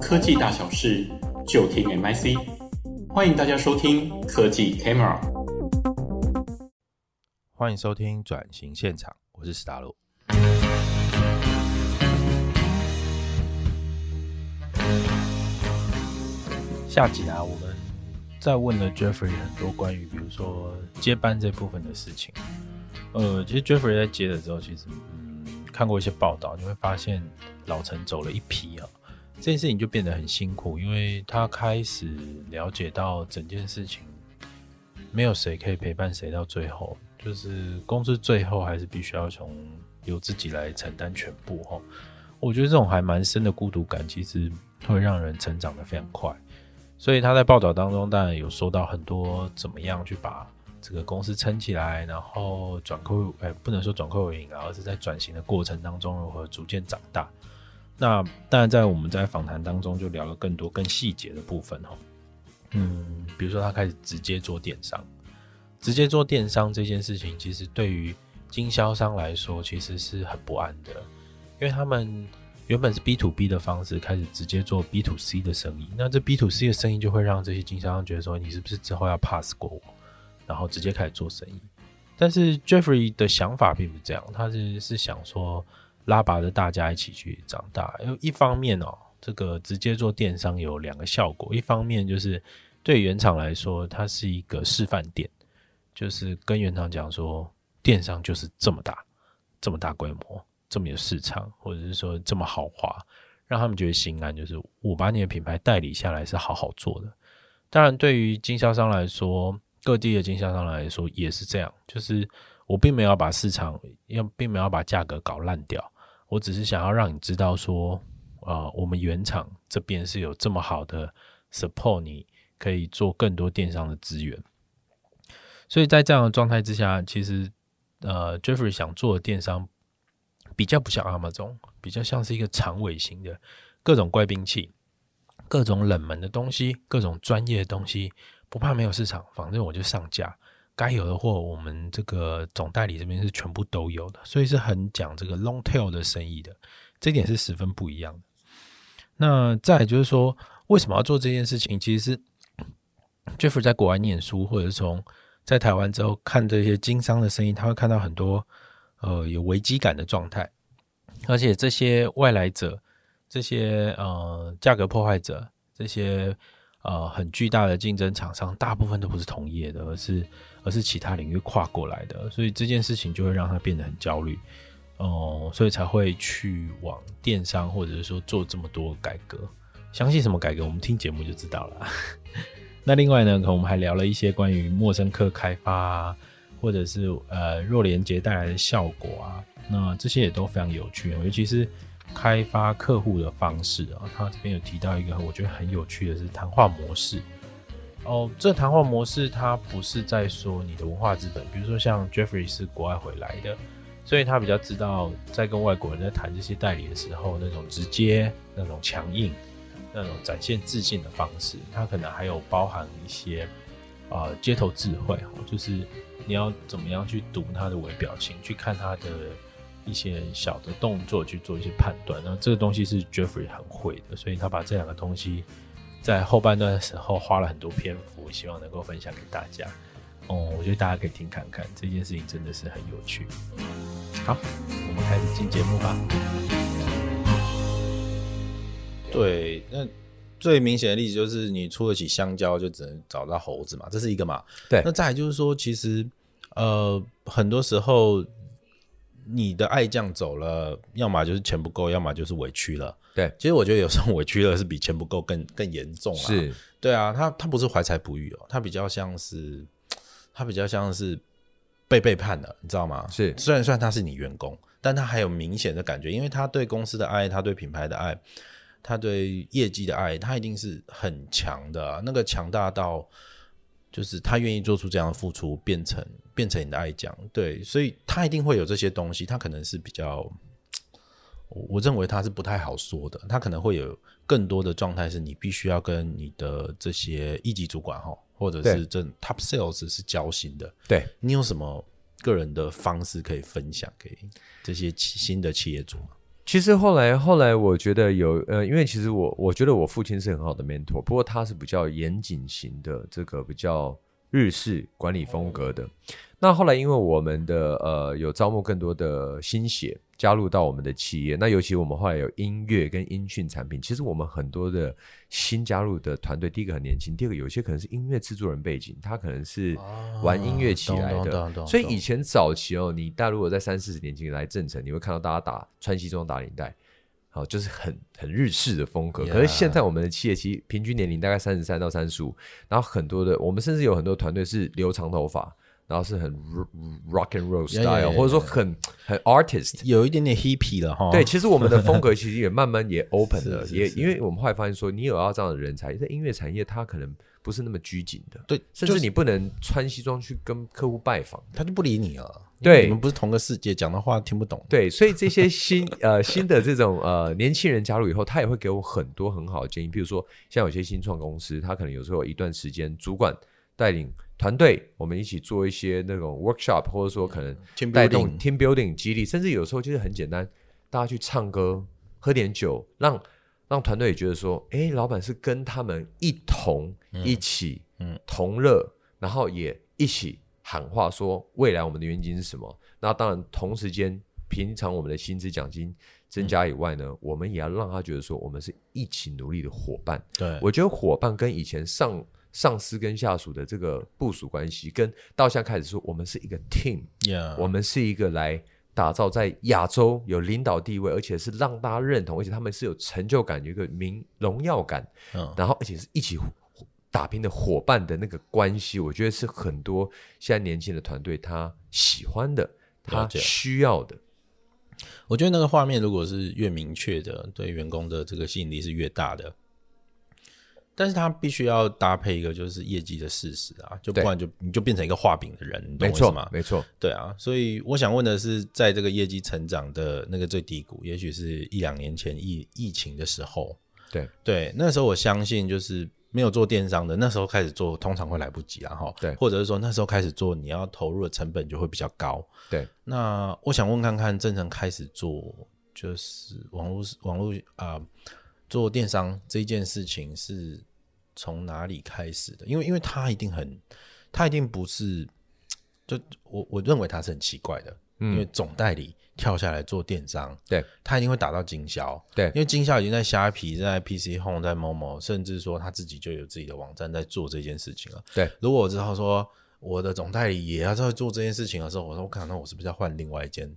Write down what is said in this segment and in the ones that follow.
科技大小事，就聽 M I C。歡迎大家收聽科技 Camera，歡迎收聽轉型現場，我是史達洛。下集啊，我們再問了 Jeffrey 很多關於，比如說接班這部分的事情。呃，其實 Jeffrey 在接的時候，其實。看過一些報道，你會發現老陳走了一批啊、喔，這件事情就變得很辛苦，因為他開始了解到整件事情沒有誰可以陪伴誰到最後，就是公司最後還是必須要從由自己來承擔全部喔。我覺得這種還蠻深的孤獨感，其實會讓人成長得非常快。嗯。所以他在報道當中當然有說到很多怎麼樣去把。這個公司撐起來，然後轉虧，哎、欸，不能說轉虧為盈，而是在轉型的過程當中如何逐漸長大。那當然，在我們在訪談當中就聊了更多更細節的部分哈、哦。嗯，比如說他開始直接做電商，直接做電商這件事情，其實對於經銷商來說其實是很不安的，因為他們原本是 B to B 的方式開始直接做 B to C 的生意，那這 B to C 的生意就會讓這些經銷商覺得說，你是不是之後要 pass 過我？然後直接開始做生意，但是 Jeffrey 的想法並不是這樣，他是是想說拉拔着大家一起去長大。因為一方面哦，這個直接做電商有兩個效果，一方面就是對原廠來說，它是一個示範店，就是跟原廠講說，電商就是這麼大，這麼大規模，這麼有市場，或者是說這麼豪華，讓他們覺得心安，就是我把你的品牌代理下來是好好做的。當然，對於經銷商來說。各地的經銷商來說也是這樣，就是我並沒有把市場，也並沒有把價格搞爛掉，我只是想要讓你知道說，啊、呃，我們原廠這邊是有這麼好的 support，你可以做更多電商的資源。所以在這樣的狀態之下，其實，呃，Jeffrey 想做的電商比較不像 Amazon，比較像是一個長尾型的，各種怪兵器，各種冷門的東西，各種專業的東西。不怕沒有市場，反正我就上架。該有的貨，我們這個總代理這邊是全部都有的，所以是很講這個 long tail 的生意的。這點是十分不一樣的。那再來就是說，為什麼要做這件事情？其實是 Jeffrey 在國外念書，或者是從在台灣之後看這些經商的生意，他會看到很多呃有危機感的狀態，而且這些外來者、這些呃價格破壞者、這些。呃，很巨大的競爭廠商，大部分都不是同業的，而是而是其他領域跨過來的，所以這件事情就會讓他變得很焦慮哦，呃，所以才會去往電商，或者是說做這麼多改革。相信什麼改革，我們聽節目就知道了。 那另外呢，可能我們還聊了一些關於陌生客開發啊，或者是呃弱連結帶來的效果啊，那這些也都非常有趣哦，尤其是。開發客戶的方式啊、哦，他這邊有提到一個我覺得很有趣的是談話模式哦。這個談話模式它不是在說你的文化資本，比如說像 Jeffrey 是國外回來的，所以他比較知道在跟外國人在談這些代理的時候，那種直接、那種強硬、那種展現自信的方式，他可能還有包含一些啊、呃、街頭智慧，就是你要怎麼樣去讀他的微表情，去看他的。一些小的動作去做一些判斷，那這個東西是 Jeffrey 很會的，所以他把這兩個東西在後半段的時候花了很多篇幅，希望能夠分享給大家。哦、嗯，我覺得大家可以聽看看，這件事情真的是很有趣。好，我們開始進節目吧。對，那最明顯的例子就是，你出得起香蕉，就只能找到猴子嘛，這是一個嘛。對。那再來就是說，其實呃，很多時候。你的愛將走了，要麼就是錢不夠，要麼就是委屈了。對，其實我覺得有時候委屈了是比錢不夠更更嚴重啊。是對啊，他他不是懷才不遇哦，他比較像是，他比較像是被背叛了，你知道嗎？是，雖然雖然他是你員工，但他還有明顯的感覺，因為他對公司的愛，他對品牌的愛，他對業績的愛，他一定是很強的啊，那個強大到，就是他願意做出這樣的付出，變成。變成你的愛講對，所以他一定會有這些東西，他可能是比較，我認為他是不太好說的，他可能會有更多的狀態是你必須要跟你的這些一級主管或者是這 top sales 是交心的。對，你有什麼個人的方式可以分享給這些新的企業主？其實後來後來，我覺得有呃，因為其實我我覺得我父親是很好的 mentor，不過他是比較嚴謹型的，這個比較日式管理風格的。Oh. 那後來，因為我們的呃有招募更多的新血加入到我們的企業，那尤其我們後來有音樂跟音訊產品，其實我們很多的新加入的團隊，第一個很年輕，第二個有些可能是音樂制作人背景，他可能是玩音樂起來的。所以以前早期哦，你大家如果在三四十年前來正成，你會看到大家打穿西裝打領帶，好、哦，就是很很日式的風格。可是現在我們的企業其實平均年齡大概三十三到三十五，然後很多的我們甚至有很多團隊是留長頭髮。然後是很 rock and roll style，yeah, yeah, yeah, yeah. 或者說很很 artist，有一點點 hippie 了哈。對，其實我們的風格其實也慢慢也 open 了。 是也因為我們後來發現說，你有要這樣的人才，在音樂產業，他可能不是那麼拘謹的。對，甚至你不能穿西裝去跟客戶拜訪，就是、他就不理你了。對，我們不是同個世界，講的話聽不懂。對，所以這些新 呃新的這種呃年輕人加入以後，他也會給我很多很好的建議。比如說，像有些新創公司，他可能有時候有一段時間主管，帶領團隊，我們一起做一些那種 workshop，或者說可能帶動 team building 激勵，甚至有時候就是很簡單，大家去唱歌、喝點酒，讓讓團隊也覺得說，哎、欸，老闆是跟他們一同一起同嗯，嗯，同樂，然後也一起喊話，說未來我們的願景是什麼？那當然同時間，平常我們的薪資獎金增加以外呢，嗯、我們也要讓他覺得說，我們是一起努力的伙伴。對，我覺得伙伴跟以前上。上司跟下屬的這個部屬關係，跟到現在開始說，我們是一個 team，Yeah. 我們是一個來打造在亞洲有領導地位，而且是讓大家認同，而且他們是有成就感，有一個名榮耀感，嗯、然後而且是一起打拼的伙伴的那個關係，我覺得是很多現在年輕的團隊他喜歡的，他需要的。我覺得那個畫面如果是越明確的，對員工的這個吸引力是越大的。但是他必須要搭配一個就是業績的事實啊，就不然就對你就變成一個畫餅的人，嗎沒錯嘛，沒錯，對啊，所以我想問的是，在這個業績成長的那個最低谷，也許是一兩年前疫疫情的時候，對對，那時候我相信就是沒有做電商的，那時候開始做，通常會來不及啊，哈，對，或者是說那時候開始做，你要投入的成本就會比較高，對，那我想問看看，正成開始做就是網絡網絡啊、呃，做電商這一件事情是。從哪裡開始的？因為因為他一定很，他一定不是，就我我認為他是很奇怪的，嗯、因為總代理跳下來做電商，對他一定會打到經銷，對，因為經銷已經在蝦皮、在 PC Home、在 Momo，甚至說他自己就有自己的網站在做這件事情了。對，如果我知道說我的總代理也要在做這件事情的時候，我說我可能我是不是要換另外一間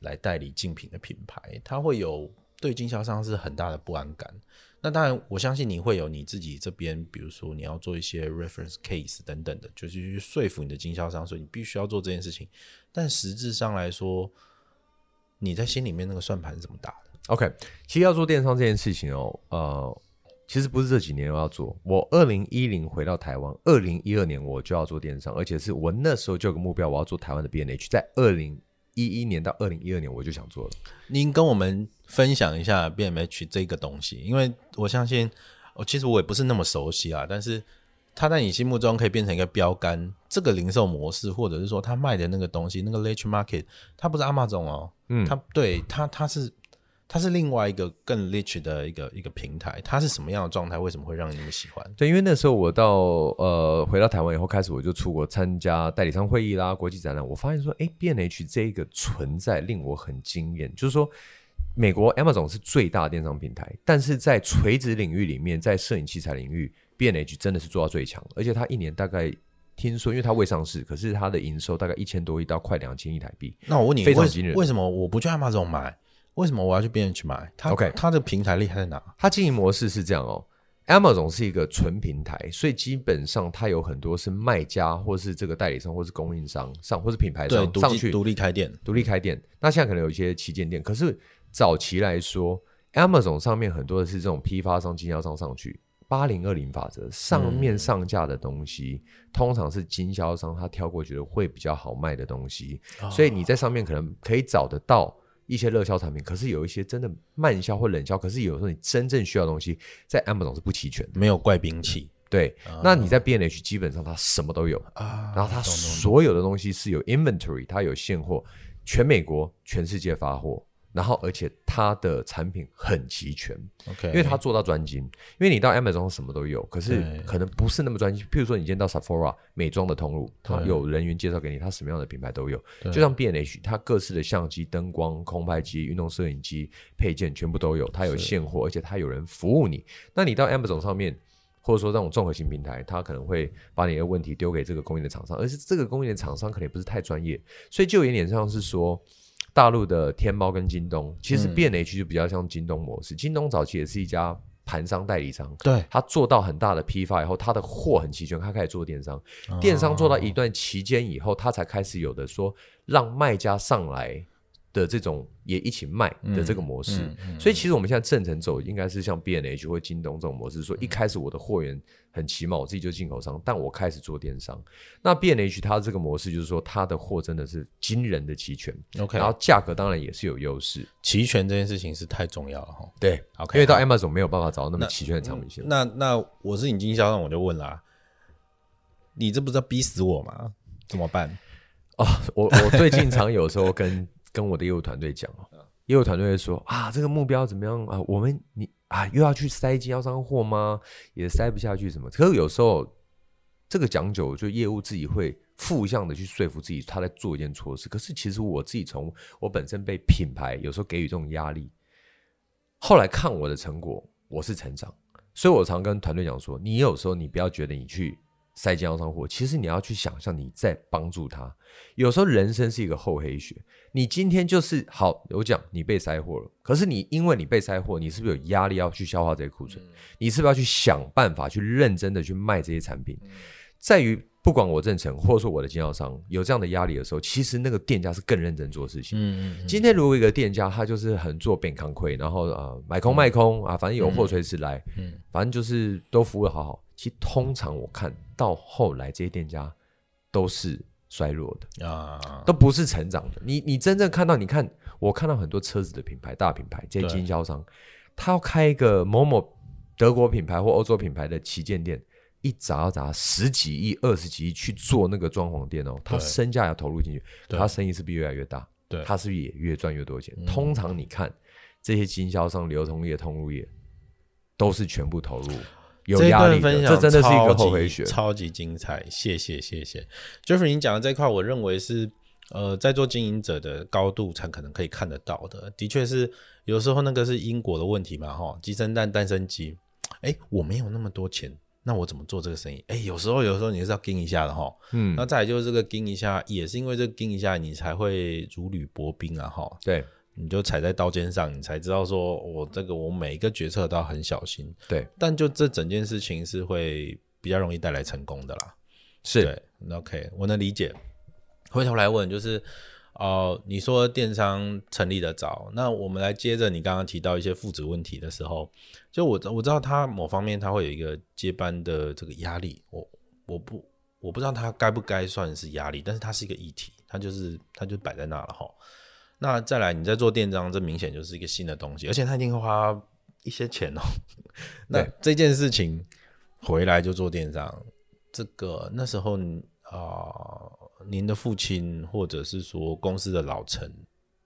來代理競品的品牌？他會有對經銷商是很大的不安感。那當然，我相信你會有你自己這邊，比如說你要做一些 reference case 等等的，就是去說服你的經銷商，所以你必須要做這件事情。但實質上來說，你在心裡面那個算盤是怎麼打的？OK，其實要做電商這件事情哦，呃，其實不是這幾年我要做，我二零一零回到台灣，二零一二年我就要做電商，而且是我那時候就有個目標，我要做台灣的 B&H，在二零。一一年到二零一二年，我就想做了。您跟我們分享一下 BMH 這個東西，因為我相信，我、哦、其實我也不是那麼熟悉啊。但是它在你心目中可以變成一個標杆，這個零售模式，或者是說它賣的那個東西，那個 l a h Market，它不是 Amazon 哦，嗯，它對它它是。它是另外一個更 niche 的一個一個平台，它是什麼樣的狀態？為什麼會讓你那麼喜歡？對，因為那時候我到呃、回到台灣以後，開始我就出國參加代理商會議啦、國際展覽，我發現說，哎，BNH 這一個存在令我很驚艷。就是說，美國 Amazon 是最大的電商平台，但是在垂直領域裡面，在攝影器材領域，BNH 真的是做到最強，而且它一年大概聽說，因為它未上市，可是它的營收大概一千多億到快兩千億台幣。那我問你，非常驚人。為、為什麼我不去 Amazon 買？為什麼我要去別人去買他？OK，它的平台厲害在哪？它經營模式是這樣哦，Amazon 是一個純平台，所以基本上它有很多是賣家，或是這個代理商，或是供應商上，或是品牌商上,對上去獨立開店，獨立開店。那現在可能有一些旗艦店，可是早期來說，Amazon 上面很多的是這種批發商、經銷商上去八零二零法則上面上架的東西，嗯、通常是經銷商他挑過覺得會比較好賣的東西，哦、所以你在上面可能可以找得到。一些熱銷產品，可是有一些真的慢銷或冷銷，可是有時候你真正需要的東西，在 Amazon 是不齊全，沒有怪兵器，嗯、對，嗯、那你在 B&H 基本上它什麼都有，啊、然後它所有的東西是有 inventory，它有現貨，全美國、全世界發貨。然後，而且它的產品很齊全，Okay, 因為它做到專精。因為你到 Amazon 什麼都有，可是可能不是那麼專精。譬如說，你今天到 Sephora 美妝的通路，它對有人員介紹給你，它什麼樣的品牌都有。對就像 B&H，它各式的相機、燈光、空拍機、運動攝影機配件全部都有，它有現貨，是而且它有人服務你。那你到 Amazon 上面，或者說那種綜合型平台，它可能會把你的問題丟給這個供應的廠商，而且這個供應的廠商可能也不是太專業，所以就有點像是說。大陸的天貓跟京東，其實變 H 就比較像京東模式。嗯、京東早期也是一家盤商代理商，對，他做到很大的批發以後，他的貨很齊全，他開始做電商。哦、電商做到一段期間以後，他才開始有的說讓賣家上來。的這種也一起賣的這個模式，嗯嗯嗯、所以其實我們現在正成走應該是像 B&H 或京東這種模式，說一開始我的貨源很齊嘛，我自己就是進口商，嗯、但我開始做電商。那 B&H 它這個模式就是說，它的貨真的是驚人的齊全，OK，、嗯嗯嗯、然後價格當然也是有優勢。齊全這件事情是太重要了哈，對，OK。因為到 Amazon 沒有辦法找到那麼齊全的產品線。那、嗯、那，那我是你經銷商，我就問啦、啊，你這不是要逼死我嗎？怎麼辦？哦，我我最近常有時候跟。 跟我的業務團隊講哦，業務團隊會說啊，這個目標怎麼樣啊？我們你啊，又要去塞經銷商貨嗎？也塞不下去什麼。可是有時候這個講究，就業務自己會負向的去說服自己，他在做一件錯事。可是其實我自己從我本身被品牌有時候給予這種壓力，後來看我的成果，我是成長。所以我常跟團隊講說，你有時候你不要覺得你去。塞經銷商貨，其實你要去想象你在幫助他。有時候人生是一個厚黑學，你今天就是好，我講你被塞貨了，可是你因為你被塞貨，你是不是有壓力要去消化這些庫存？嗯、你是不是要去想辦法去認真的去賣這些產品？嗯、在於不管我正成或者說我的經銷商有這樣的壓力的時候，其實那個店家是更認真做事情。嗯嗯。嗯嗯，今天如果一個店家，嗯、他就是很做便康虧，然後呃買空賣空，嗯、啊，反正有貨隨時來嗯，嗯，反正就是都服務好好。其實通常我看到後來這些店家都是衰落的啊，都不是成長的。你你真正看到，你看我看到很多車子的品牌，大品牌這些經銷商，他對開一個某某德國品牌或歐洲品牌的旗艦店，一砸砸十幾億、二十幾億去做那個裝潢店哦，他身價要投入進去，他對生意是不是越來越大，他對是不是也越賺越多錢。嗯、通常你看這些經銷商流通業、通路業都是全部投入。嗯有壓力，這一段分享，這真的是一個厚黑學，超級精彩，謝謝謝謝。Jeffrey，你講的這一塊，我認為是呃，在做經營者的高度才可能可以看得到的。的確是，有時候那個是因果的問題嘛哈，雞生蛋生，蛋生雞。誒，我沒有那麼多錢，那我怎麼做這個生意？誒、欸、有時候有時候你是要盯一下的哈。齁嗯。那再來就是這個盯一下，也是因為這盯一下，你才會如履薄冰啊哈。齁對。你就踩在刀尖上，你才知道說，我這個我每一個決策都很小心。對，但就這整件事情是會比較容易帶來成功的啦。是，對，OK，我能理解。回頭來問，就是，哦、呃，你說電商成立的早，那我們來接着你剛剛提到一些父子問題的時候，就我我知道他某方面他會有一個接班的這個壓力。我我不我不知道他該不該算是壓力，但是它是一個議題，它就是它就擺在那了吼。那再來，你在做電商，這明顯就是一個新的東西，而且他一定會花一些錢哦。 那這件事情對回來就做電商這個那時候啊、呃，您的父親或者是說公司的老臣，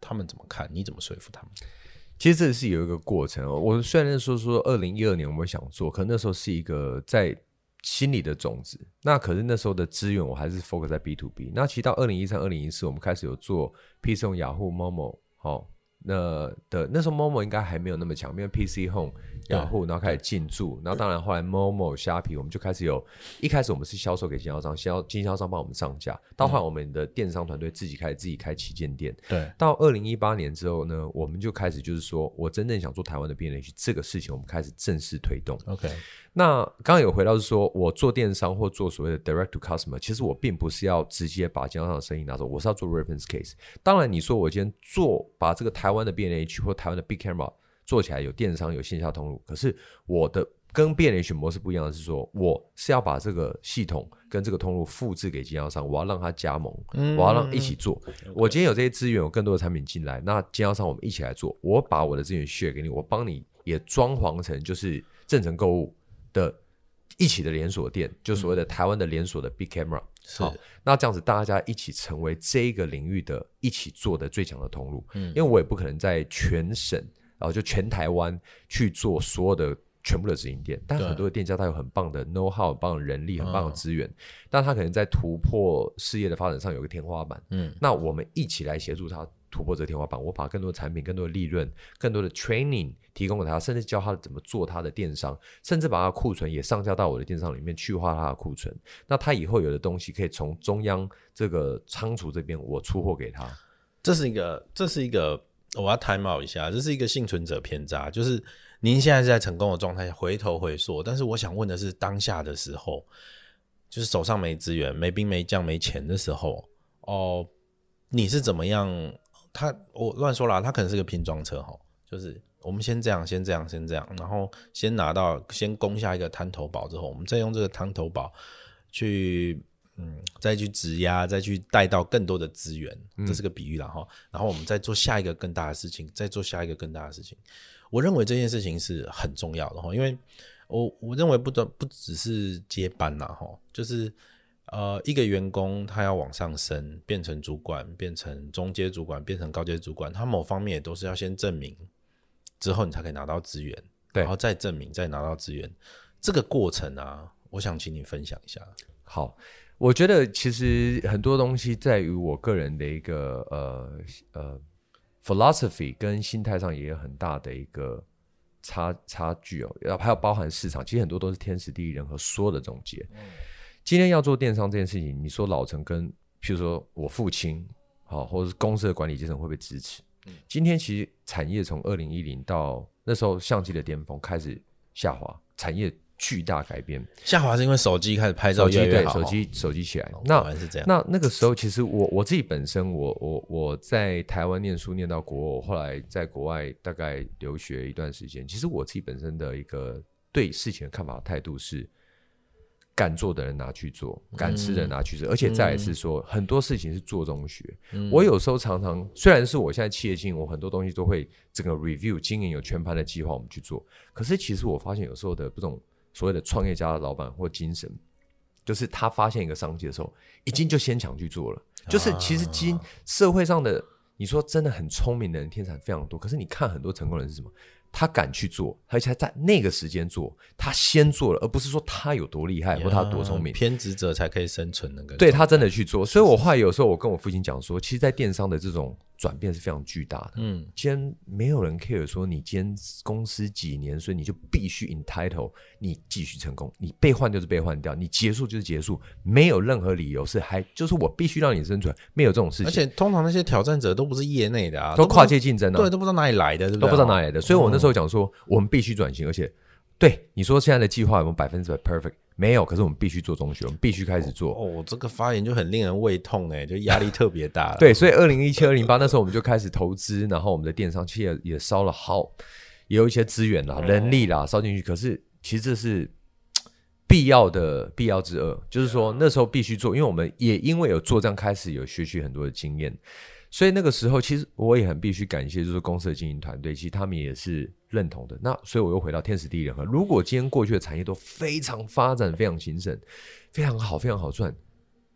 他們怎麼看，你怎麼說服他們？其實這是有一個過程。我雖然說說二零一二年我們想做，可那時候是一個在。心理的種子，那可是那時候的資源，我還是 focus 在 B to B。那其實到二零一三、二零一四，我們開始有做 PC Home、ah 哦、雅虎、Momo 那的。那時候 Momo 應該還沒有那麼強，因為 PC Home、ah 對、雅虎然後開始進駐，對然後當然後來 Momo、蝦皮、e,，我們就開始有。對一開始我們是銷售給經銷商，銷經銷商幫我們上架。到後來我們的電商團隊自己開始自己開旗艦店。對。到二零一八年之後呢，我們就開始就是說我真正想做台灣的 B2C 這個事情，我們開始正式推動。OK。那剛，剛有回到是說，我做電商或做所謂的 direct to customer，其實我並不是要直接把經銷商的生意拿走，我是要做 reference case。當然，你說我今天做把這個台灣的 B&H 或台灣的 big camera 做起來，有電商有線下通路，可是我的跟 B&H 模式不一樣的是說，我是要把這個系統跟這個通路複製給經銷商，我要讓他加盟，我要讓一起做。嗯、我今天有這些資源，有更多的產品進來，那經銷商我們一起來做。我把我的資源 share 給你，我幫你也裝潢成就是正成購物，的一起的連鎖店，嗯、就所謂的台灣的連鎖的 Big Camera，是好，那這樣子大家一起成為這個領域的一起做的最強的通路。嗯，因為我也不可能在全省，然、啊、後就全台灣去做所有的全部的直營店，但很多的店家他有很棒的 know how，很棒的人力，很棒的資源，嗯、但他可能在突破事業的發展上有個天花板。嗯，那我們一起來協助他。突破這個天花板，我把更多產品、更多的利潤、更多的 training 提供給他，甚至教他怎麼做他的電商，甚至把他庫存也上架到我的電商裡面去化他的庫存。那他以後有的東西可以從中央這個倉儲這邊，我出貨給他。這是一個，這是一個，我要 time out 一下，這是一個倖存者偏差。就是您現在是在成功的狀態下回頭回溯，但是我想問的是，當下的時候，就是手上沒資源、沒兵、沒將、沒錢的時候，哦、呃，你是怎麼樣？他我亂說啦，他可能是個拼裝車哈，就是我們先這樣，先這樣，先這樣，然後先拿到，先攻下一個灘頭堡之後，我們再用這個灘頭堡去，嗯，再去質押，再去帶到更多的資源，這是個比喻啦。哈、嗯，然後我們再做下一個更大的事情，再做下一個更大的事情，我認為這件事情是很重要的哈，因為我我認為不不不只是接班吶哈，就是。呃，一個員工他要往上升，變成主管，變成中階主管，變成高階主管，他某方面也都是要先證明，之後你才可以拿到資源，對然後再證明，再拿到資源，這個過程啊，我想請你分享一下。好，我覺得其實很多東西在於我個人的一個呃呃 philosophy 跟心態上也有很大的一個差差距哦，還有包含市場，其實很多都是天時地利人和說的總結。嗯今天要做電商這件事情，你說老陳跟，譬如說我父親，好、哦，或者是公司的管理階層會不會支持？嗯、今天其實產業從二零一零到那時候相機的巔峰開始下滑，產業巨大改變。下滑是因為手機開始拍照越來越好手機，手機對、哦、手機手機起來，嗯、那、哦、那是這樣。那那個時候其實我我自己本身我，我我我在台灣念書念到國，我後來在國外大概留學一段時間。其實我自己本身的一個對事情的看法態度是。敢做的人拿去做，敢吃的人拿去吃，嗯、而且再來是說，嗯、很多事情是做中學。嗯、我有時候常常，雖然是我現在企業經營，我很多東西都會整個 review 經營有全盤的計劃，我們去做。可是其實我發現，有時候的這種所謂的創業家的老板或精神，就是他發現一個商機的時候，已經就先搶去做了。嗯、就是其實經社會上的。你說真的很聰明的人，天才非常多。可是你看很多成功人是什麼？他敢去做，而且他在那個時間做，他先做了，而不是說他有多厲害或他有多聰明。Yeah, 偏執者才可以生存，那個。對，他真的去做。所以我話有時候我跟我父親講說，是是是。其實，在電商的這種。轉變是非常巨大的。嗯，既然沒有人 care 說你今天公司幾年，所以你就必須 entitle 你繼續成功，你被換就是被換掉，你結束就是結束，沒有任何理由是還就是我必須讓你生存，沒有這種事情。而且通常那些挑戰者都不是業內的啊，都跨界競爭啊，對，都不知道哪裡來的，對不對啊、都不知道哪裡來的。所以我那時候講說，我們必須轉型，嗯、而且，對，你說現在的計劃有沒有百分之百 perfect？沒有，可是我們必須做中學，我們必須開始做哦。哦，這個發言就很令人胃痛誒、欸，就壓力特別大。 對，所以二零一七、二零一八那時候，我們就開始投資，然後我們的電商企業也燒了好，也有一些資源啦、嗯、人力啦燒進去。可是其實這是必要的，必要之惡，嗯、就是說那時候必須做，因為我們也因為有做這樣開始有學習很多的經驗。所以那個時候，其實我也很必須感謝，就是公司的經營團隊，其實他們也是認同的。那所以我又回到天時地利人和。如果今天過去的產業都非常發展、非常興盛、非常好、非常好賺，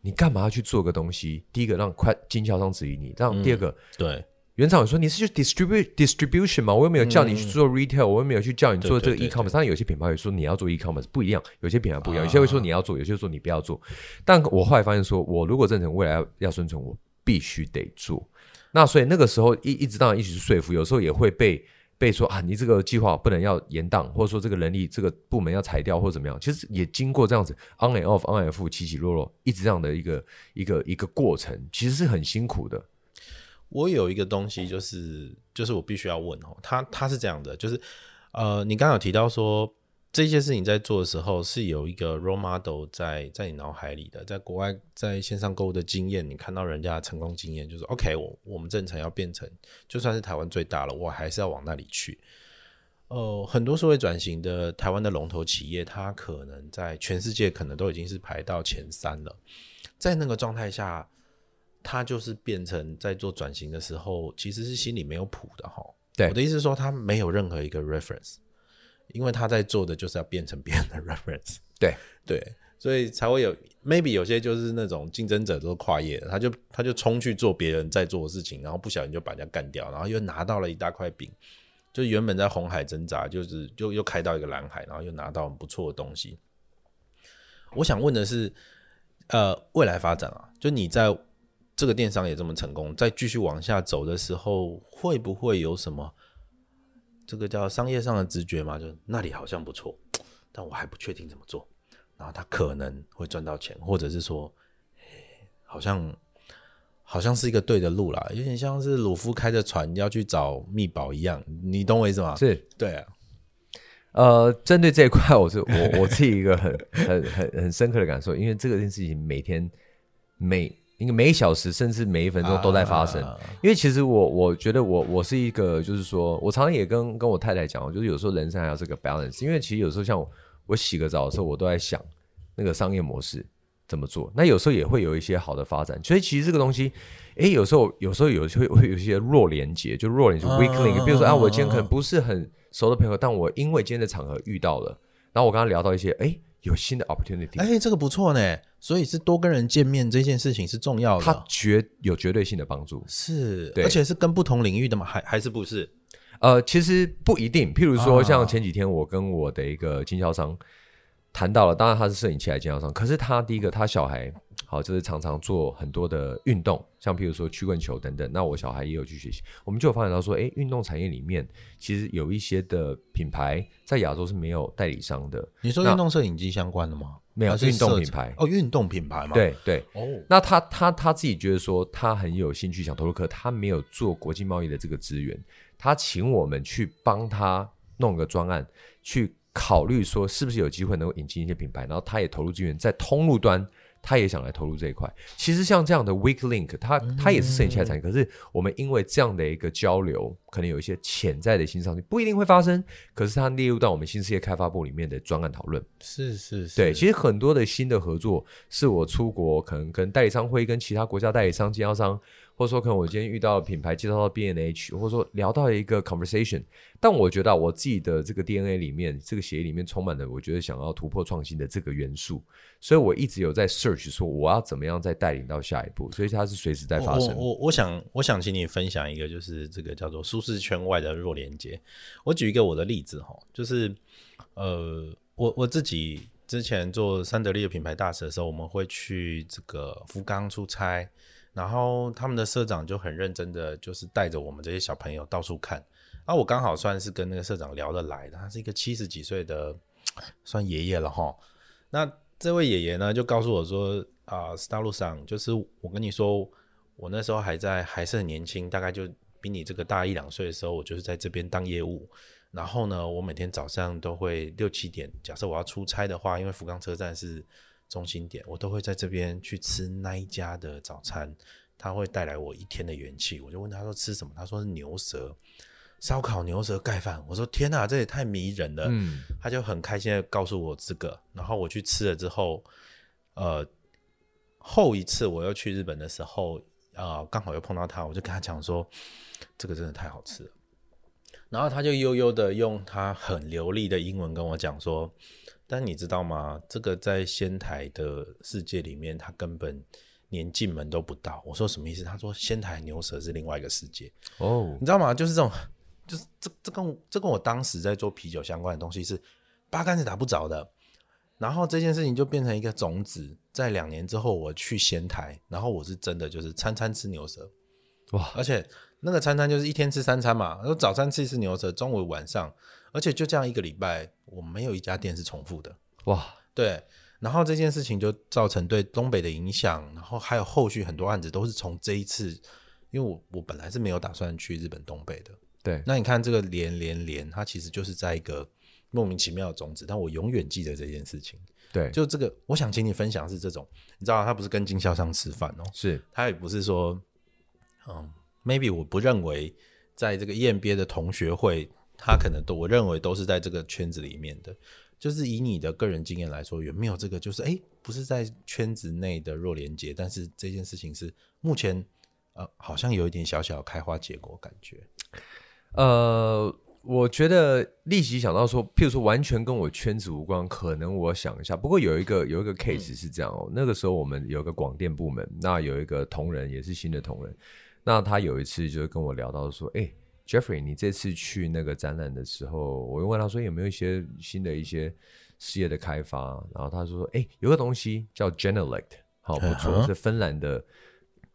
你幹嘛要去做個東西？第一個讓快經銷商質疑你，第二個、嗯、對原廠也說你是去 distribute distribution 嗎？我又沒有叫你去做 retail、嗯、我又沒有去叫你做這個 e commerce 對對對對。當然有些品牌會說你要做 e commerce，不一樣，有些品牌不一樣，啊、有些會說你要做，有些說你不要做。但我後來發現，說我如果真的，未來要要生存我。必須得做，那所以那個時候一直一直當然一直說服，有時候也會被被說啊，你這個計劃不能要延宕，或者說這個人力這個部門要裁掉或者怎麼樣，其實也經過這樣子 on and off on and off，起起落落，一直這樣的一個一個一個過程，其實是很辛苦的。我有一個東西，就是就是我必須要問哦，他他是這樣的，就是呃，你剛有提到說。這些事情在做的時候是有一個 role model 在在你腦海裡的，在國外在線上購物的經驗，你看到人家成功經驗，就是 OK，我我們正成要變成，就算是台灣最大了，我還是要往那裡去。呃，很多社會轉型的台灣的龍頭企業，它可能在全世界可能都已經是排到前三了，在那個狀態下，它就是變成在做轉型的時候，其實是心裡沒有譜的哈。對，我的意思是說，它沒有任何一個 reference。因為他在做的就是要變成別人的 reference，對對，所以才會有 maybe 有些就是那種競爭者都是跨業的，他就他就衝去做別人在做的事情，然後不小心就把人家幹掉，然後又拿到了一大塊餅，就原本在紅海掙扎，就是就又開到一個藍海，然後又拿到很不錯的東西。我想問的是，呃，未來發展啊，就你在這個電商也這麼成功，再繼續往下走的時候，會不會有什麼？這個叫商業上的直覺嘛，就那裡好像不錯，但我還不確定怎麼做。然後他可能會賺到錢，或者是說，欸、好像好像是一個對的路啦，有點像是魯夫開着船要去找秘寶一樣，你懂我意思嗎？是對啊。呃，針對這一塊我是，我是我我自己一個很 很很很深刻的感受，因為這個件事情每天每。應該每小時甚至每一分鐘都在發生，啊、因為其實我我覺得我我是一個，就是說，我常常也跟跟我太太講，就是有時候人生還有這個 balance。因為其實有時候像我，我洗個澡的時候，我都在想那個商業模式怎麼做。那有時候也會有一些好的發展，所以其實這個東西，誒、欸，有時候有，有時候會有會有一些弱連接，就弱連接 weak link 比如說啊，我今天可能不是很熟的朋友，但我因為今天的場合遇到了，然後我剛剛聊到一些，誒、欸。有新的 opportunity，哎、欸，這個不錯呢，所以是多跟人見面這件事情是重要的，它絕有絕對性的幫助，是，對而且是跟不同領域的嗎，還還是不是？呃，其實不一定，譬如說像前幾天我跟我的一個經銷商。啊談到了，當然他是攝影器材經銷商，可是他第一個，他小孩好就是常常做很多的運動，像譬如說曲棍球等等。那我小孩也有去學習。我們就有發現到說，哎、欸，運動產業裡面其實有一些的品牌在亞洲是沒有代理商的。你說運那動攝影機相關的嗎？沒有，運動品牌哦，運動品牌嘛。對對。哦。Oh. 那他他他自己覺得說他很有興趣想投入可，他沒有做國際貿易的這個資源，他請我們去幫他弄個專案去。考慮說是不是有機會能夠引進一些品牌，然後他也投入資源在通路端，他也想來投入這一塊。其實像這樣的 weak link，它它也是攝影器材產業。嗯、可是我們因為這樣的一個交流，可能有一些潛在的新商機，不一定會發生。可是它列入到我們新事業開發部裡面的專案討論。是是是，對，其實很多的新的合作是我出國，可能跟代理商會跟其他國家代理商、經銷商。或者說，可能我今天遇到的品牌介紹到 B&H，或者說聊到一個 conversation，但我覺得我自己的這個 DNA 裡面，這個血液裡面充滿了我覺得想要突破創新的這個元素，所以我一直有在 search，說我要怎麼樣再帶領到下一步。所以它是隨時在發生。我我，我想我想請你分享一個，就是這個叫做舒適圈外的弱連接。我舉一個我的例子哈，就是呃，我我自己之前做三得利的品牌大使的時候，我們會去這個福岡出差，然後他們的社長就很認真的，就是帶着我們這些小朋友到處看。啊，我剛好算是跟那個社長聊得來的，他是一個七十幾歲的，算爺爺了哈。那這位爺爺呢，就告訴我說，啊、呃，道路上就是我跟你說，我那時候還在還是很年輕，大概就比你這個大一兩歲的時候，我就是在這邊當業務。然後呢，我每天早上都會六七點，假設我要出差的話，因為福岡車站是中心點，我都會在這邊去吃那一家的早餐，他會帶來我一天的元氣。我就問他說吃什麼？他說是牛舌，燒烤牛舌蓋飯。我說天哪，這也太迷人了。嗯、他就很開心的告訴我這個，然後我去吃了之後，呃，後一次我又去日本的時候，啊、呃，剛好又碰到他，我就跟他講說，這個真的太好吃了。然後他就悠悠的用他很流利的英文跟我講說。但你知道嗎？這個在仙台的世界裡面，他根本連進門都不到。我說什麼意思？他說仙台牛舌是另外一個世界。哦，oh. 你知道嗎？就是這種，就是這這跟這跟我當時在做啤酒相關的東西是八竿子打不着的。然後這件事情就變成一個種子，在兩年之後我去仙台，然後我是真的就是餐餐吃牛舌，哇！Oh. 而且那個餐餐就是一天吃三餐嘛，然後早餐吃一次牛舌，中午晚上。而且就這樣一個禮拜，我沒有一家店是重複的，哇！對，然後這件事情就造成對東北的影響，然後還有後續很多案子都是從這一次，因為我我本來是沒有打算去日本東北的，對。那你看這個連連連，它其實就是在一個莫名其妙的種子。但我永遠記得這件事情。對，就這個，我想請你分享是這種，你知道他、啊、不是跟經銷商吃飯哦、喔，是他也不是說，嗯，maybe 我不認為在這個燕邊的同學會。他可能都，我認為都是在這個圈子裡面的。就是以你的個人經驗來說，有沒有這個？就是欸，不是在圈子內的弱連結，但是這件事情是目前呃，好像有一點小小開花結果感覺。呃，我覺得立即想到說，譬如說完全跟我圈子無關，可能我想一下。不過有一個有一個 case 是這樣哦，嗯，那個時候我們有個廣電部門，那有一個同仁也是新的同仁，那他有一次就是跟我聊到說，欸。Jeffrey，你這次去那個展覽的時候，我就問他說有沒有一些新的一些事業的開發，然後他說：“哎、欸，有個東西叫 Genelec，好不錯，是芬蘭的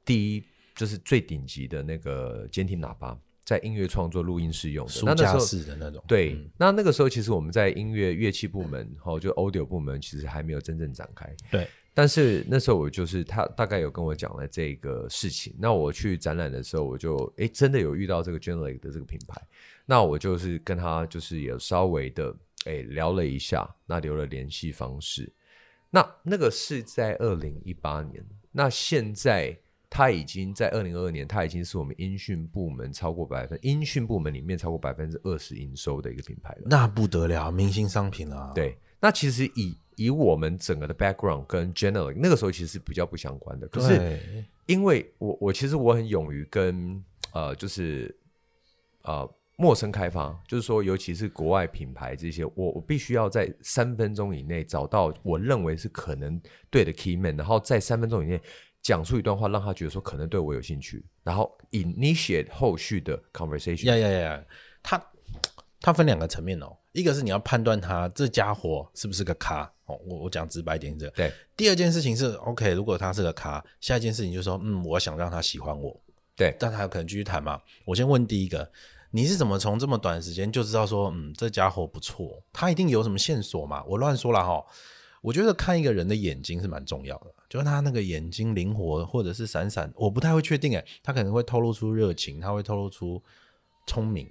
第一，就是最頂級的那個監聽喇叭，在音樂創作錄音室用的，書架式的那種。對，那那個時候其實我們在音樂樂器部門，哈、嗯，就 Audio 部門其實還沒有真正展開。”對。但是那時候我就是他大概有跟我講了這個事情，那我去展覽的時候我就誒、欸，真的有遇到這個 Jelly 的這個品牌，那我就是跟他就是也稍微的誒、欸、聊了一下，那留了聯繫方式。那那個是在二零一八年，那現在他已經在二零二二年，他已經是我們音訊部門超過百分音訊部門裡面超過百分之二十營收的一個品牌了，那不得了，明星商品啊，對。那其實以以我們整個的 background 跟 general，那個時候其實是比較不相關的。可是因為我我其實我很勇於跟呃就是呃陌生開發，就是說尤其是國外品牌這些，我我必須要在三分鐘以內找到我認為是可能對的 key man，然後在三分鐘以內講出一段話讓他覺得說可能對我有興趣，然後 initiate 後續的 conversation。呀呀呀！他他分兩個層面哦。一個是你要判斷他這家伙是不是個咖哦，我我講直白一點、這個，這對。第二件事情是 OK，如果他是個咖，下一件事情就是說，嗯，我想讓他喜歡我，對。但他有可能繼續談嘛。我先問第一個，你是怎麼從這麼短時間就知道說，嗯，這家伙不錯，他一定有什麼線索嘛？我亂說了哈。我覺得看一個人的眼睛是蠻重要的，就是他那個眼睛靈活或者是閃閃，我不太會確定誒，他可能會透露出熱情，他會透露出聰明。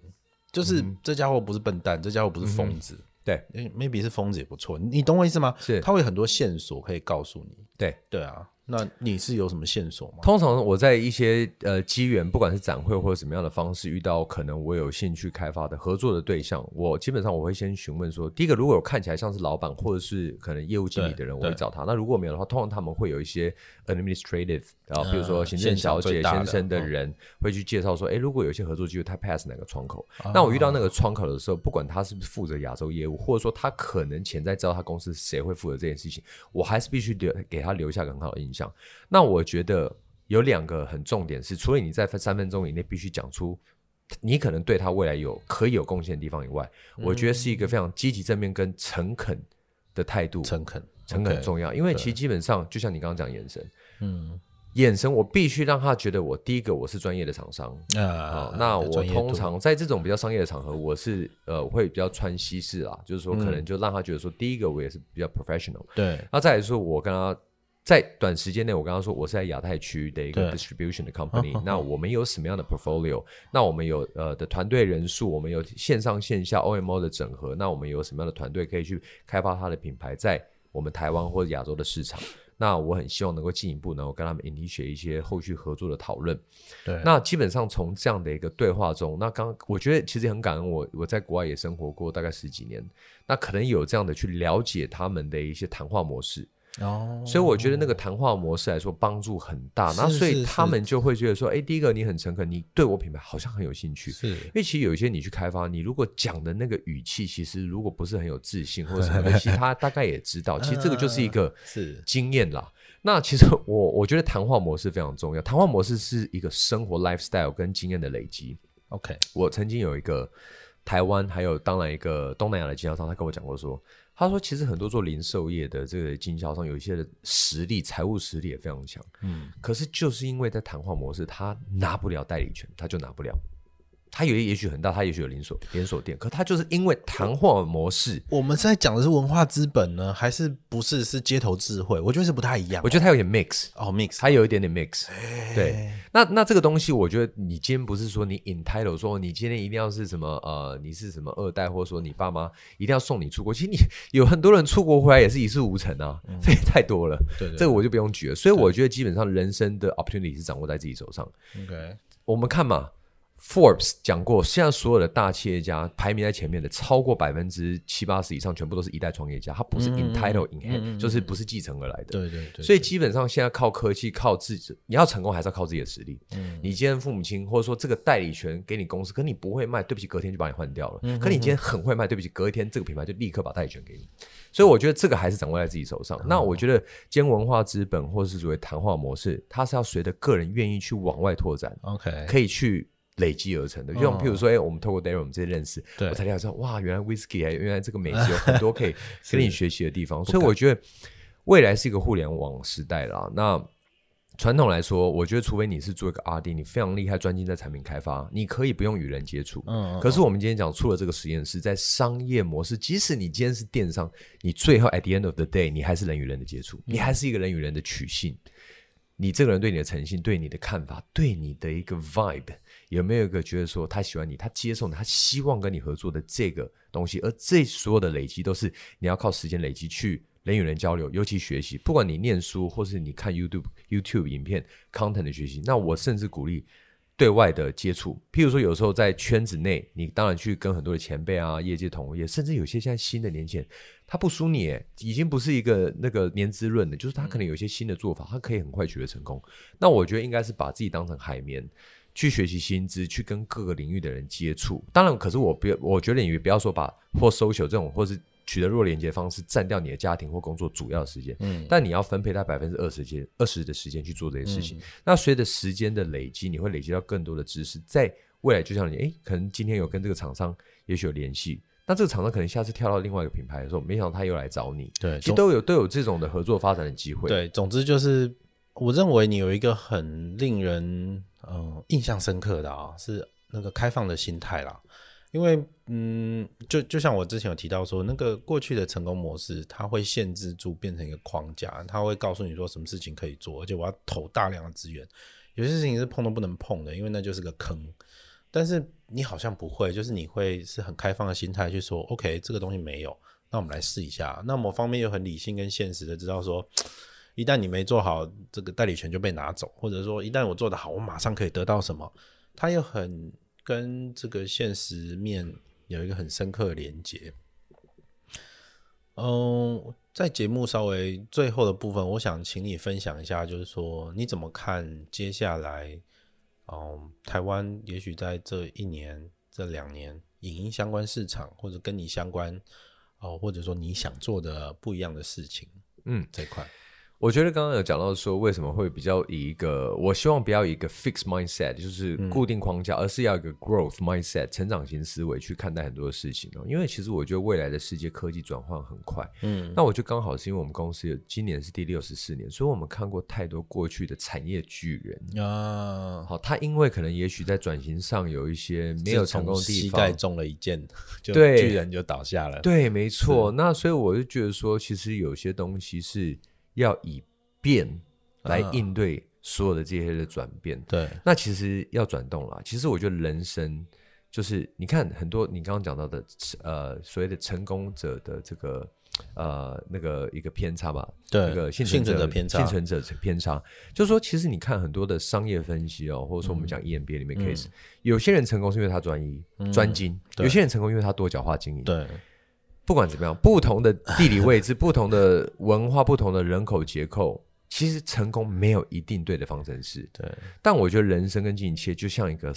就是這家伙不是笨蛋，嗯、這家伙不是瘋子，嗯、對、欸、，maybe 是瘋子也不錯。你,你懂我意思嗎？是他會有很多線索可以告訴你。對對啊，那你是有什麼線索嗎？通常我在一些呃機緣，不管是展會或者什麼樣的方式，遇到可能我有興趣開發的合作的對象，我基本上我會先詢問說：第一個，如果有看起來像是老闆或者是可能業務經理的人，對我會找他；對那如果沒有的話，通常他們會有一些 administrative 然後比如說行政小姐、先生的人會去介紹說：哎，如果有些合作機會，他 pass 哪個窗口？那我遇到那個窗口的時候，不管他是不是負責亞洲業務，或者說他可能潛在知道他公司誰會負責這件事情，我還是必須得給他，他留下很好的印象。那我覺得有兩個很重點是，除了你在三分鐘以內必須講出你可能對他未來有可以有貢獻的地方以外，我覺得是一個非常積極正面跟誠懇的態度。誠懇，誠懇很重要。因為其實基本上，就像你剛剛講眼神，嗯，眼神我必須讓他覺得我第一個我是專業的廠商啊。那我通常在這種比較商業的場合，我是呃會比較穿西式啊，就是說可能就讓他覺得說，第一個我也是比較 professional。對。那再來說，我跟他。在短時間內，我剛剛說，我是在亞太區的一個 distribution 的 company 對。那我們有什麼樣的 portfolio？ 那我們有呃的團隊人數，我們有線上線下 O M O 的整合。那我們有什麼樣的團隊可以去開發它的品牌在我們台灣或者亞洲的市場？ 那我很希望能夠進一步能夠跟他們 initiate 一些後續合作的討論。對、啊。那基本上從這樣的一個對話中，那剛我覺得其實很感恩，我我在國外也生活過大概十幾年，那可能有這樣的去了解他們的一些談話模式。哦，oh, 所以我覺得那個談話模式來說，幫助很大，那是所以他們就會覺得說，哎、欸，第一個你很誠懇，你對我品牌好像很有興趣，是。因為其實有一些你去開發，你如果講的那個語氣，其實如果不是很有自信 或者什麼東西，他大概也知道，其實這個就是一個是經驗啦。Uh, 是那其實我我覺得談話模式非常重要，談話模式是一個生活 lifestyle 跟經驗的累積。OK，我曾經有一個台灣，還有當然一個東南亞的經銷商，他跟我講過說。他說：“其實很多做零售業的這個經銷商，有一些的實力、財務實力也非常強，嗯，可是就是因為在談話模式，他拿不了代理權，他就拿不了。”他有也許很大，他也許有連鎖連鎖店，可他就是因為談話模式。我們現在講的是文化資本呢，還是不是是街頭智慧？我覺得是不太一樣。我覺得他有點 mix，哦 mix，他、嗯、有一點點 mix、欸。對，那那這個東西，我覺得你今天不是說你 entitled，說你今天一定要是什麼呃，你是什麼二代，或者說你爸媽一定要送你出國？其實你有很多人出國回來也是一事無成啊，這也、嗯、太多了。對對對，這個我就不用舉了。所以我覺得基本上人生的 opportunity 是掌握在自己手上。OK，對我們看嘛。Forbes 講過，現在所有的大企業家排名在前面的，超過百分之七八十以上，全部都是一代創業家。他不是 entitle inherit、嗯嗯、就是不是繼承而來的。對對對,對。所以基本上現在靠科技，靠自己，你要成功還是要靠自己的實力。嗯。你今天父母親或者說這個代理權給你公司，可你不會賣，對不起，隔天就把你換掉了。嗯、哼哼可是你今天很會賣，對不起，隔一天這個品牌就立刻把代理權給你。所以我覺得這個還是掌握在自己手上。好那我覺得，今天文化資本或者是所謂談話模式，它是要隨着個人願意去往外拓展。OK，可以去。累積而成的，就像譬如說，哎、欸，我們透過 Darren 我們這些認識，oh. 我才了解說，哇，原來 Whisky 還原來這個美食有很多可以跟你學習的地方。 是所以我覺得未來是一個互聯網時代啦。那傳統來說，我覺得除非你是做一個 RD，你非常厲害，專精在產品開發，你可以不用與人接觸。嗯。Oh. 可是我們今天講出了這個實驗室，在商業模式，即使你今天是電商，你最後 at the end of the day，你還是人與人的接觸，你還是一個人與人的取信。你這個人對你的誠信、對你的看法、對你的一個 vibe。有沒有一個覺得說他喜歡你，他接受你，他希望跟你合作的這個東西，而這所有的累積都是你要靠時間累積去人與人交流，尤其學習，不管你念書或是你看 YouTube YouTube 影片 content 的學習。那我甚至鼓勵對外的接觸，譬如說有時候在圈子內，你當然去跟很多的前輩啊、業界同業，甚至有些現在新的年輕人，他不輸你耶，已經不是一個那個年資論的，就是他可能有一些新的做法，他可以很快取得成功。那我覺得應該是把自己當成海綿。去學習新知，去跟各個領域的人接觸。當然，可是我不要，我覺得你不要說把或 social 這種，或是取得弱連結的方式占掉你的家庭或工作主要的時間。嗯，但你要分配他百分之二十二十的時間去做這些事情。嗯、那隨着時間的累積，你會累積到更多的知識。在未來，就像你，哎、欸，可能今天有跟這個廠商，也許有聯繫。那這個廠商可能下次跳到另外一個品牌的時候，沒想到他又來找你。對，其實都有總都有這種的合作發展的機會。對，總之就是我認為你有一個很令人。嗯，印象深刻的啊、哦，是那個開放的心態啦。因為，嗯，就就像我之前有提到說，那個過去的成功模式，它會限制住變成一個框架，它會告訴你說什麼事情可以做，而且我要投大量的資源。有些事情是碰都不能碰的，因為那就是個坑。但是你好像不會，就是你會是很開放的心態去說，OK，這個東西沒有，那我們來試一下。那某方面又很理性跟現實的，知道說。一旦你沒做好，這個代理權就被拿走，或者說一旦我做得好，我馬上可以得到什麼？它又很跟這個現實面有一個很深刻的連結。嗯、呃，在節目稍微最後的部分，我想請你分享一下，就是說你怎麼看接下來？嗯、呃，台灣也許在這一年、這兩年影音相關市場，或者跟你相關，哦、呃，或者說你想做的不一樣的事情，嗯，這塊。我覺得剛剛有講到說，為什麼會比較以一個，我希望不要以一個 fixed mindset，就是固定框架，嗯、而是要一個 growth mindset 成長型思維去看待很多事情哦、喔。因為其實我覺得未來的世界科技轉換很快，嗯，那我就剛好是因為我們公司今年是第六十四年，所以我們看過太多過去的產業巨人、啊、好，他因為可能也許在轉型上有一些沒有成功的地方膝蓋中了一箭，就巨人就倒下了。對，對，沒錯。是那所以我就覺得說，其實有些東西是，要以變來應對所有的這些的轉變，啊，對。那其實要轉動了。其實我覺得人生就是，你看很多你剛剛講到的，呃，所謂的成功者的這個呃那個一個偏差吧，對。一個幸存者的偏差，幸存者偏差，就是說，其實你看很多的商業分析哦、喔，或者說我們講 EMBA 裡面的 case，、嗯嗯、有些人成功是因為他專一、專、嗯、精，對，有些人成功因為他多角化經營，對。不管怎麼樣，不同的地理位置、不同的文化、不同的人口結構， 其實成功沒有一定對的方程式。對，但我覺得人生跟經營企業就像一個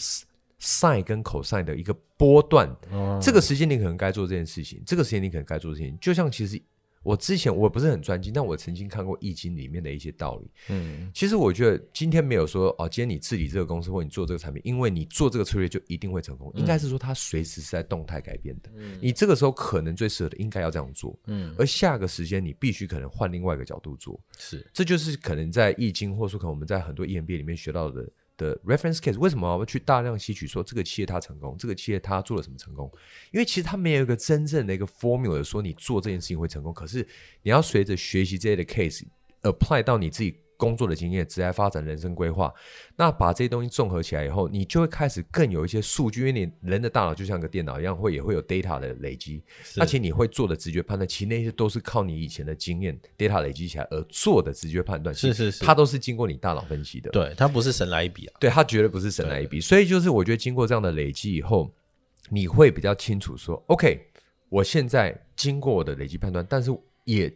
sin 跟 cos 的一個波段，嗯、這個時間你可能該做這件事情，這個時間你可能該做這件事情，就像其實。我之前我不是很專精，但我曾經看過《易經》裡面的一些道理。嗯，其實我覺得今天沒有說哦，今天你治理這個公司或你做這個產品，因為你做這個策略就一定會成功，嗯，應該是說它隨時是在動態改變的。嗯，你這個時候可能最適合的應該要這樣做。嗯，而下個時間你必須可能換另外一個角度做。是，這就是可能在《易經》或者說可能我們在很多 EMBA 裡面學到的。的 reference case 為什麼要去大量吸取？說這個企業它成功，這個企業它做了什麼成功？因為其實它沒有一個真正的一個 formula 說你做這件事情會成功，可是你要隨着學習這些的 case apply 到你自己。工作的經驗、職業發展、人生規劃，那把這些東西綜合起來以後，你就會開始更有一些數據。因為你人的大腦就像個電腦一樣，會也會有 data 的累積。是而且你會做的直覺判斷，其實那些都是靠你以前的經驗 data 累積起來而做的直覺判斷。是是是，它都是經過你大腦分析的。對，它不是神來一筆啊！對，它絕對不是神來一筆。對對對，所以就是我覺得經過這樣的累積以後，你會比較清楚說：OK，我現在經過我的累積判斷，但是也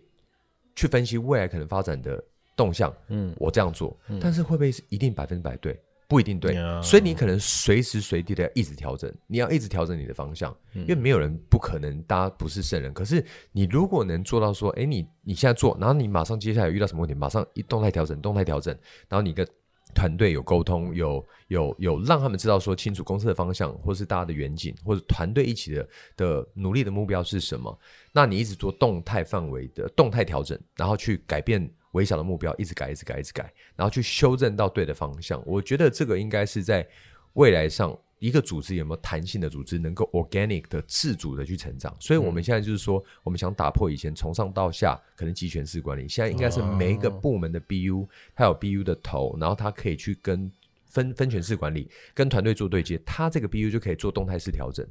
去分析未來可能發展的。動向，嗯，我這樣做，嗯嗯、但是會不會是一定百分之百對？不一定對，嗯、所以你可能隨時隨地的一直調整，你要一直調整你的方向，因為沒有人不可能，大家不是聖人。嗯、可是你如果能做到說，誒、欸，你你現在做，然後你馬上接下來遇到什麼問題，馬上一動態調整，動態調整，然後你的團隊有溝通，有有有讓他們知道說清楚公司的方向，或是大家的遠景，或者團隊一起的的努力的目標是什麼？那你一直做動態範圍的動態調整，然後去改變。微小的目標，一直改，一直改，一直改，然後去修正到對的方向。我覺得這個應該是在未來上，一個組織有沒有彈性的組織，能夠 organic 的自主的去成長。所以，我們現在就是說，嗯，我們想打破以前從上到下可能集權式管理，現在應該是每一個部門的 BU，哦，它有 BU 的頭，然後它可以去跟分分權式管理，跟團隊做對接，它這個 BU 就可以做動態式調整。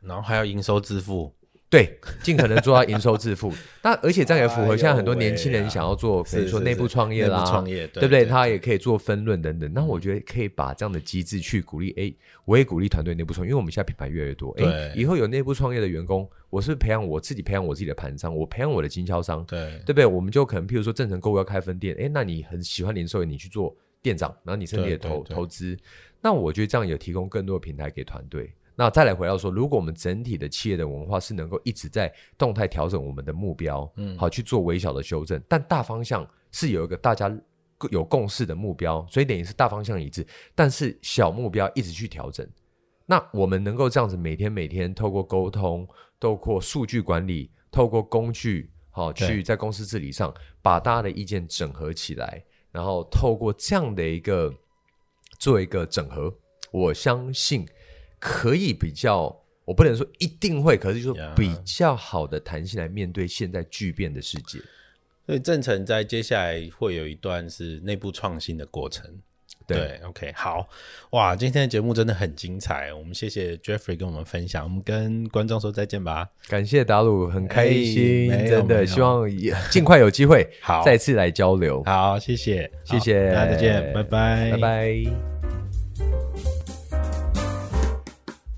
然後還要營收支付。 對，盡可能做到營收自負。 那而且這樣也符合現在很多年輕人想要做，啊、比如說內部創業啦，是是是部業對不對，對？對對對，他也可以做分潤等等。那我覺得可以把這樣的機制去鼓勵。哎、嗯，欸，我也鼓勵團隊內部創業，因為我們現在品牌越來越多。哎對、欸，以後有內部創業的員工，我是培養我自己，培養我自己的盤商，我培養我的經銷商，對，對不對？我們就可能譬如說，正成購物要開分店，哎、欸，那你很喜歡零售，你去做店長，然後你順便投對對對，投資。那我覺得這樣也提供更多的平台給團隊。那再來回到說，如果我們整體的企業的文化是能夠一直在動態調整我們的目標，嗯，好去做微小的修正，但大方向是有一個大家有共識的目標，所以等於是大方向一致，但是小目標一直去調整。那我們能夠這樣子每天每天透過溝通，透過數據管理，透過工具，好對去在公司治理上把大家的意見整合起來，然後透過這樣的一個做一個整合，我相信。可以比較，我不能說一定會，可是就是比較好的彈性來面對現在巨變的世界。所以正成在接下來會有一段是內部創新的過程。對，對，OK，好，哇，今天的節目真的很精彩，我們謝謝 Jeffrey 跟我們分享，我們跟觀眾說再見吧。感謝達魯，很開心，欸、真的有希望盡快有機會，好，再次來交流。 好，好，謝謝，謝謝，大家再見，拜拜，拜拜。